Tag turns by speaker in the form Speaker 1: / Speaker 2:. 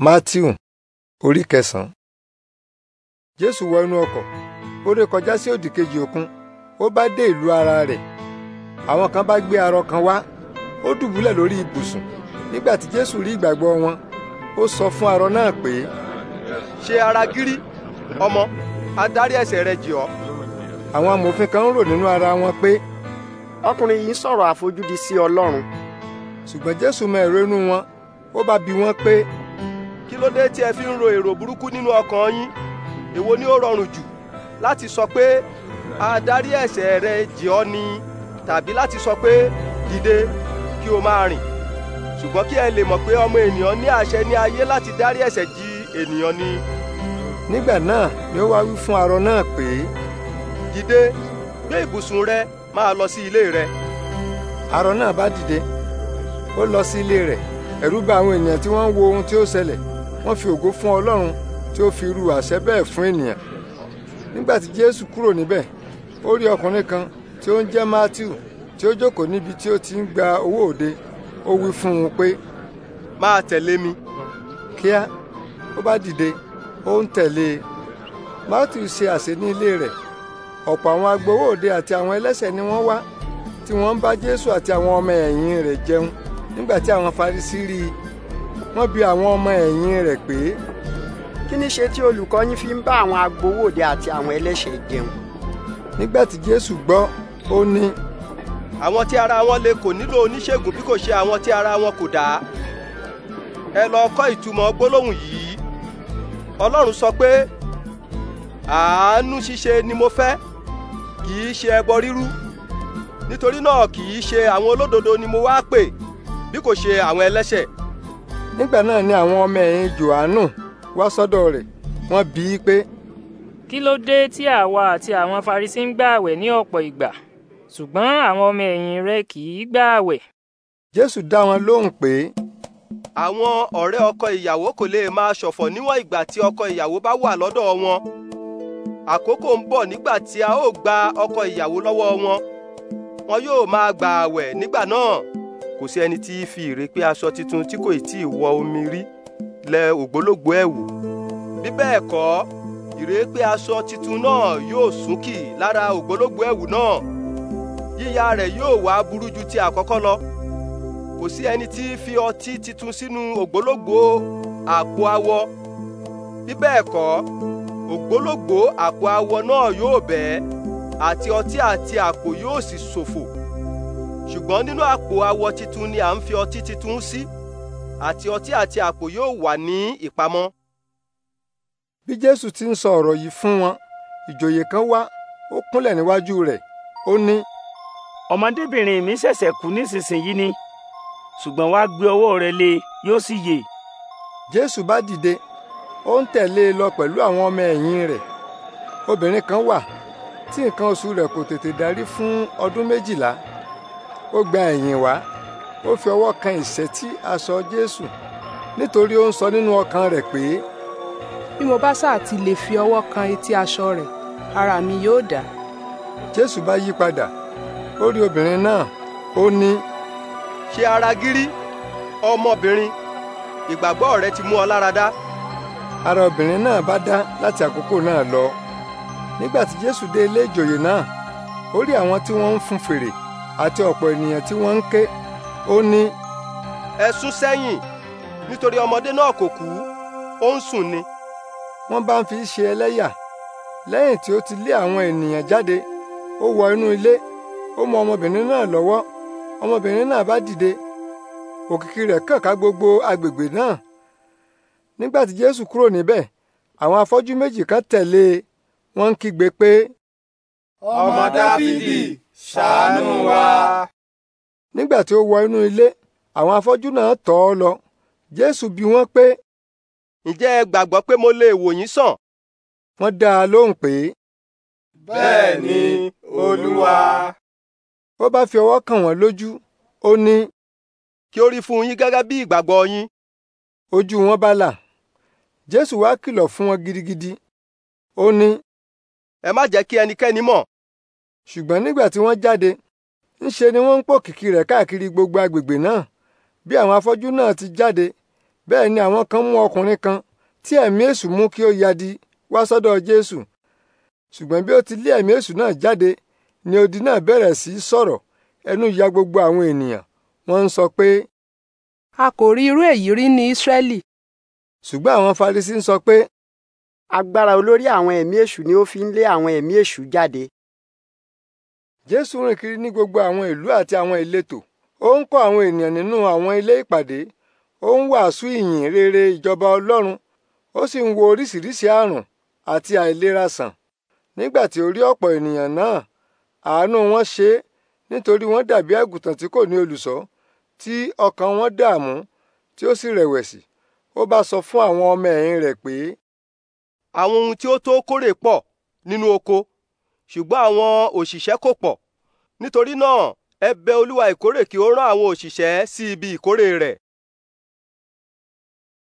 Speaker 1: matthew orí kẹsàn-án. jésù wọ inú ọkọ̀ ó ré kọjá sí òdì kejì òkun ó bá dé ìlú ara rẹ̀ àwọn kan bá gbé arọ kan wá ó dùbúlẹ̀ lórí ibùsùn nígbà tí jésù rí ìgbàgbọ́ wọn ó sọ fún arọ náà pé.
Speaker 2: ṣe ara gírí ọmọ adarí ẹ̀ṣẹ̀ rẹ jì ọ́.
Speaker 1: àwọn amòfin kan ń rò nínú ara wọn pé.
Speaker 2: ọkùnrin yìí ń sọ̀rọ̀
Speaker 1: àfojúdi sí ọlọ́run. ṣùgbọ́n jésù mọ èrò inú wọn ó bá bi wọ́n pé
Speaker 2: ló dé tí ẹ fi ń ro èrò burúkú nínú ọkàn yín èwo ni ó rọrùn jù láti sọ pé adarí ẹ̀ṣẹ̀ rẹ jì ọ́ ni tàbí láti sọ pé dìde kí o máa rìn ṣùgbọ́n kí ẹ lè mọ̀ pé ọmọ ènìyàn ní àṣẹ ní ayé láti dárí ẹ̀ṣẹ̀ jì ènìyàn ni. nígbà náà ni ó wá wí fún arọ náà pé. dìde gbé ibùsùn rẹ máa lọ sí ilé rẹ.
Speaker 1: arọ náà bá dìde ó lọ sí ilé rẹ̀ ẹ̀rù bà àwọn ènìyàn tí wọ́n ń wo ohun tí ó ṣẹlẹ̀ wọ́n fi ògo fún ọlọ́run tí ó fi irú àṣẹ bẹ́ẹ̀ fún ènìyàn nígbà tí jésù kúrò níbẹ̀ ó rí ọkùnrin kan tí ó ń jẹ́ matthew tí ó jókòó níbi tí ó ti ń gba owó òde ó wí fún un pé máa tẹ̀lé mi kíá ó bá dìde ó ń tẹ̀lé e matthew ṣe àsè ní ilé rẹ̀ ọ̀pọ̀ àwọn agbowó òde àti àwọn ẹlẹ́ṣẹ̀ ni wọ́n wá tí wọ́n ń bá jésù àti àwọn ọmọ ẹ̀yìn rẹ̀ jẹun nígbà tí àwọn farisi rí i wọ́n bi àwọn ọmọ ẹ̀yìn rẹ̀ pé. kí ni ṣe tí olùkọ́ yín fi ń bá àwọn agbowóde àti àwọn
Speaker 2: ẹlẹ́ṣẹ̀ jẹun. nígbà tí jésù gbọ́ ó ní. àwọn tí ara wọn le kò nílò oníṣègùn bí kò ṣe àwọn tí ara wọn kò dáa. ẹ lọ kọ́ ìtumọ̀ gbólóhùn yìí. ọlọ́run sọ pé àánú ṣíṣe ni mo fẹ́ kì í ṣe ẹbọ rírú nítorí náà kì í ṣe àwọn olódodo ni mo wá pè bí kò ṣe àwọn ẹlẹ́ṣẹ̀
Speaker 1: nígbà náà ni àwọn ọmọ ẹ̀yìn Jòhánù wá sọ́dọ̀ rẹ̀ wọ́n bi í pé. kí ló dé tí àwa àti àwọn Farisí ń gbààwẹ̀ ní ọ̀pọ̀ ìgbà ṣùgbọ́n àwọn ọmọ ẹ̀yìn rẹ kì
Speaker 2: í gbààwẹ̀.
Speaker 1: Jésù dá wọn
Speaker 2: lóhùn pé. àwọn ọ̀rẹ́ ọkọ ìyàwó kò lè máa ṣọ̀fọ̀ níwọ̀n ìgbà tí ọkọ ìyàwó bá wà lọ́dọ̀ wọn àkókò ń bọ̀ nígbà tí a ó gba ọkọ ìyàwó lọ́wọ́ wọn wọn yóò máa gbààwẹ̀ nígbà náà kò sí ẹni tí í fi ìrèpé aṣọ titun tí kò tí ì wọ omi rí lẹ ògbólógbòó ẹ̀ wò bí bẹ́ẹ̀ kọ́ ìrèpé aṣọ titun náà yóò súnkì lára ògbólógbòó ẹ̀wù náà yíya rẹ̀ yóò wá burú ju ti àkọ́kọ́ lọ kò sí ẹni tí fi ọtí titun sínú ògbólógbòó àpò awọ bí bẹ́ẹ̀ kọ́ ògbólógbòó àpò awọ náà yóò bẹ́ àti ọtí àti àpò yóò sì ṣòfò. Si ṣùgbọ́n nínú àpò awọ titun ni à ń fi ọtí titun sí àti ọtí àti àpò yóò wà ní ìpamọ́.
Speaker 1: bí jésù ti ń sọ ọ̀rọ̀ yìí fún wọn ìjòyè kan wá ó kúnlẹ̀ níwájú rẹ̀ ó ní. ọmọdébìnrin mi ṣẹ̀ṣẹ̀ kú nísinsìnyí ni ṣùgbọ́n wá gbé ọwọ́ rẹ lé e, yóò sì yè. jésù bá dìde ó ń tẹ̀lé e lọ pẹ̀lú àwọn ọmọ ẹ̀yìn rẹ̀ obìnrin kan wà tí nǹkan oṣù rẹ̀ kò tètè darí fún ọdún méjìlá ó gba ẹ̀yìn wá ó fi ọwọ́ kan ìṣẹ́tí aṣọ Jésù nítorí ó ń sọ nínú ọkàn rẹ̀ pé. bí mo bá sáà ti lè fi ọwọ́ kan etí aṣọ rẹ̀ ara mi yóò dá. Jésù bá yí padà ó rí obìnrin náà ó
Speaker 2: ní. ṣe ara gírí ọmọbìnrin ìgbàgbọ́ rẹ ti mú ọ lára dá.
Speaker 1: ara obìnrin náà bá dá láti àkókò náà lọ nígbà tí Jésù dé ilé ìjòyè náà ó rí àwọn tí wọ́n ń fún fèrè àti ọ̀pọ̀ ènìyàn tí wọ́n ń ké ó ní. ẹ sún sẹ́yìn nítorí ọmọdé náà kò kú ó ń sùn ni. wọ́n bá ń fi ṣe ẹlẹ́yà lẹ́yìn tí ó ti lé àwọn ènìyàn jáde ó wọ inú ilé ó mú ọmọbìnrin náà lọ́wọ́ ọmọbìnrin náà bá dìde òkìkí rẹ̀ kàn gbogbo agbègbè náà nígbà tí jésù kúrò níbẹ̀ àwọn afọ́jú méjì kan tẹ̀lé e. wọ́n ń kígbe pé.
Speaker 2: ọmọ dáfídì. ṣàánú wa.
Speaker 1: nígbà tí ó wọ inú ilé àwọn afọ́jú náà tọ́ ọ lọ jésù bi wọ́n pé.
Speaker 2: ǹjẹ́ ẹ gbàgbọ́ pé mo lè wò yín sàn?
Speaker 1: wọ́n dá a lóhùn pé.
Speaker 2: bẹ́ẹ̀ ni olúwa.
Speaker 1: ó bá fi ọwọ́ kàn wọ́n lójú ó ní. kí ó rí fún yín gẹ́gẹ́ bí ìgbàgbọ́ yín. ojú wọn bá là jésù wá kìlọ̀ fún wọn gidigidi ó ní. ẹ má jẹ́ kí ẹnikẹ́ni mọ̀ ṣùgbọ́n nígbà tí wọ́n jáde ńṣe ni wọ́n ń pòkìkí rẹ̀ káàkiri gbogbo agbègbè náà bí àwọn afọ́jú náà ti jáde bẹ́ẹ̀ ni àwọn kan mú ọkùnrin kan tí ẹ̀mí èṣù mú kí ó yadi wá sọ́dọ̀ Jésù ṣùgbọ́n bí ó ti lé ẹ̀mí èṣù náà jáde ni odi náà bẹ̀rẹ̀ sí í sọ̀rọ̀ ẹnu ya gbogbo àwọn ènìyàn wọ́n ń sọ pé. a kò rí irú èyí rí ní Ísírẹ́lì. ṣùgbọ́n àwọn Farisí ń sọ pé. agbára olórí àwọn ẹ̀mí èṣù ni ó fi ń lé àwọn ẹ̀mí èṣù jáde jésù rìn kiri ní gbogbo àwọn ìlú àti àwọn ìletò ó ń kọ́ àwọn ènìyàn nínú àwọn ilé ìpàdé ó ń wàásù ìyìn rere ìjọba ọlọ́run ó sì ń wo oríṣiríṣi àrùn àti àìlera sàn nígbà tí ó rí ọ̀pọ̀ ènìyàn náà àánú wọn ṣe é nítorí wọ́n dàbí àgùntàn tí kò ní olùṣọ́ tí ọkàn wọn dààmú tí ó sì rẹ̀wẹ̀sì ó bá
Speaker 2: sọ fún àwọn ọmọ ẹ̀yìn rẹ̀ pé. àwọn ohun tí ó tó kórè pọ̀ nínú oko ṣùgbọ́n àwọn òṣìṣẹ́ kò pọ̀ nítorí náà ẹ bẹ̀ olúwa ìkórè kí ó rán àwọn òṣìṣẹ́ sí ibi ìkórè rẹ̀